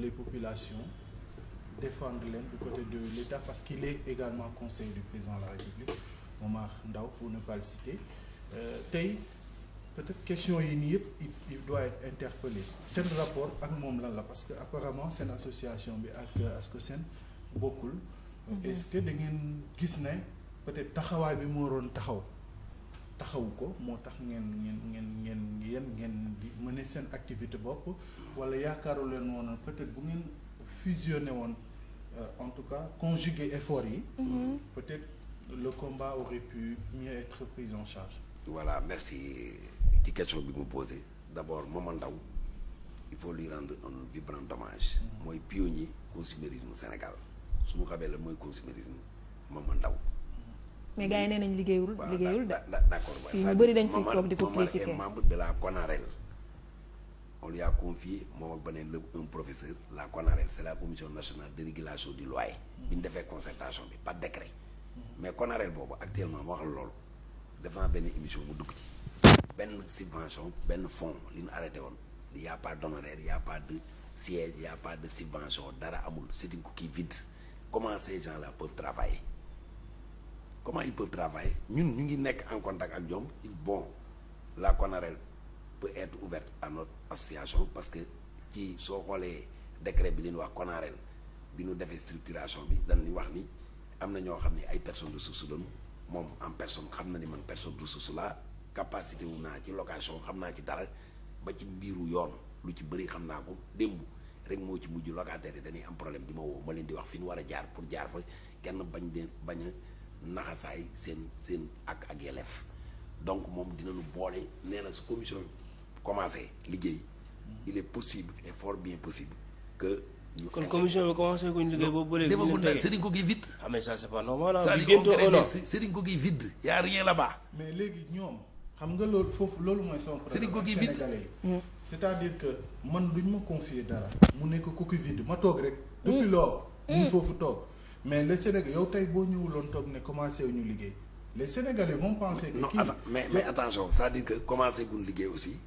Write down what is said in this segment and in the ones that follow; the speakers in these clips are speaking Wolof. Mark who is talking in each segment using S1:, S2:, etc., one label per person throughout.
S1: les populations défendre leen du côté de l'État parce qu'il est également conseiller du président de la République Momar Ndao pour ne pas le citer euh, tey peut-être question yi nii yëpp il doit être interpellé seen rapport ak moom la la parce que apparemment seen association bi ak ASCOSEN bokkul
S2: mm-hmm. est-ce
S1: que da ngeen gis ne peut-être taxawaay bi moo doon taxaw taxawu ko moo tax ngeen ngeen ngeen seen activité bopp wala yaakaaru leen woon peut-être bu ngeen fusionné woon euh, en tout cas conjuguer effort yi mhm. peut-être le combat aurait pu mieux être pris en charge voilà merci
S2: ci question bi mu posé d'abord Mama Ndaw il faut lui rendre un vibrant hommage mhm. mooy pionnier consumérisme Sénégal su mu xamee la mooy consumérisme Mama Ndaw mhm.
S1: mais gars yi nee nañ liggéeyul liggéeyul de d'accord waaye ñu bëri dañ fi toog di ko
S2: critiquer on lui a confié moom ak beneen lëb un professeur la CONAREL c' est la commission nationale de régulation du loyer. bi ñu defee concertation bi par décret. mais CONAREL boobu actuellement ma wax la loolu devant benn émission bu dugg ci benn subvention benn fonds li ñu arrêté woon y' a pas d' honoraire pas de siège y' pas de subvention dara amul c' est une coquille vide comment ces gens là peuvent travailler comment ils peuvent ñun ñu ngi nekk en contact ak ñoom bon la CONAREL. peut être ouverte à notre association parce que ci soo xoolee décret bi leen ñu wax CONAREN bi ñu defee structuration bi dañ ni wax ni am na ñoo xam ne ay personnes ressources lañu moom en personne xam na ni man personne ressource la capacité wu naa ci location xam naa ci dara ba ci mbiru yoon lu ci bëri xam naa ko démb rek moo ci mujj locataire yi dañuy am problème di ma woo ma leen di wax fi nu war a jaar pour jaar fa kenn bañ de bañ naxasaay seen seen ak ak yelleef donc moom dinañu boole nee na su commission commencé liggéey il est possible et fort bien possible que. ñu kon commission bi commencé guñ liggéey boobu ba léegi. ñu ngi tege Serigne Koki vide. ah c'est a rien là-bas.
S1: mais léegi ñoom xam nga loolu foofu loolu mooy sama problème. Serigne Koki vide mm. à dire que man duñ ma confier dara. mu nekk Koki vide ma toog rek. Mm. depuis mm. lors. ñu foofu toog mais le Sénégal yow tey boo ñëwuloon toog ne commencé wu ñu liggéey le Sénégalais vont penser. que kii non mais mais attention c'est-à-dire que
S2: commencé guñ liggéey aussi.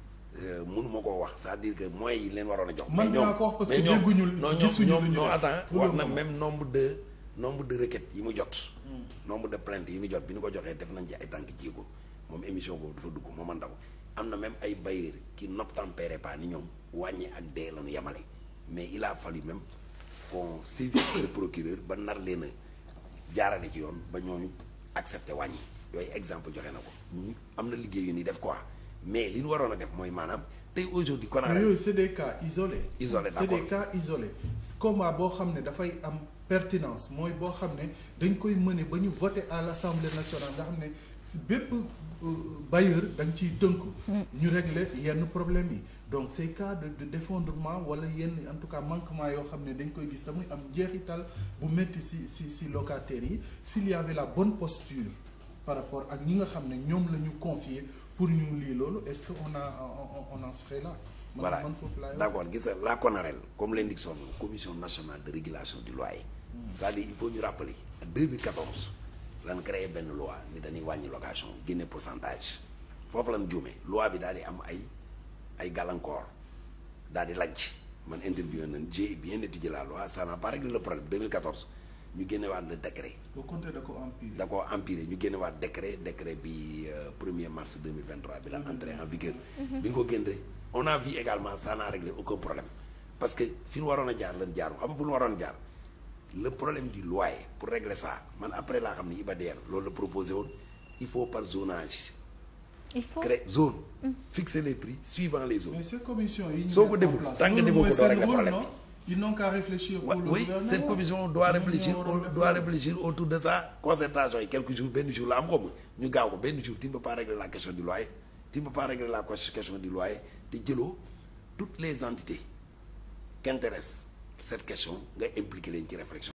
S2: Euh, mënu ma koo wax c'est-à-dire que moyens yi leen waroon a jox. mais ñoom mais ñoom non ñoom ñoom attends wax na même nombre de nombre de requêtes yi mu jot. Hmm. nombre de plaintes yi mu jot bi nu ko joxee def nañ ci ay tànk ko moom émission boobu dafa dugg mooma ndaw am na même ay nopp qui n'obtempèrent pas ni ñoom wàññee ak dee la ñu yemale mais il a yi même qu'on saisisse le procureur ba nar leen a jaarale ci yoon ba ñooñu accepté wàññi yooyu exemple joxe na ko am na liggéey yu ni def quoi. mais li ñu waroon a def mooy maanaam tey aujourd'hui kon mais yooyu
S1: c'est des cas isolés. isolés d'accord c'est des cas isolés boo xam ne dafay am pertinence mooy boo xam ne dañ koy mëne ba ñu voté à l'Assemblée nationale nga xam ne bépp euh, bailleur da nga ciy tënk. Mm. ñu régler yenn problème yi donc ces cas de de d'effondrement wala yenn en tout cas manquement yoo xam ne dañ koy gis te muy am njeexital bu métti ci ci ci locataires yi s'il y avait la bonne posture par rapport ak ñi nga xam ne ñoom la ñu confier pour ñu lii loolu est-ce que on a on on en serait là. voilà d'accord
S2: gis nga la CONAREL comme l'indique son commission nationale de régulation du loyer. Hmm. cest à il faut ñu rappeler. en 2014 lan créé benn loi ni dañuy wàññi location génne pour pourcentage foofu lan juumee loi bi daal di am ay ay gàllankoor daal di lajj man interview nañ j'ai bien étudié la loi ça n'a pas réglé le problème ñu génnewaat le décret.
S1: boo compté da koo empiré.
S2: da koo ñu génnewaat décret décret bi euh, premier mars 2023 bi la entrée en vigueur. bi ñu ko génnee on a également ça n'a réglé aucun problème parce que fi ñu waroon a jaar lan jaaru xam nga fu ñu waroon jaar le problème du loyer pour régler ça man après laa xam ni Ibader loolu la proposé woon il faut par zonage. il faut créer zone. Mm. fixer les prix suivant les zones. soo ko deful tant que defoo régler problème
S1: ils n'ont qu'à réfléchir. au oui cette commission doit réfléchir doit
S2: réfléchir autour de ça concertation yi quelques jours benn jour la am ko ñu gaaw ko benn jour tu pas régler la question du loyer tu pas régler la question du loyer te jëloo toutes les entités qui intéressent cette question nga impliqué leen ci réflexion.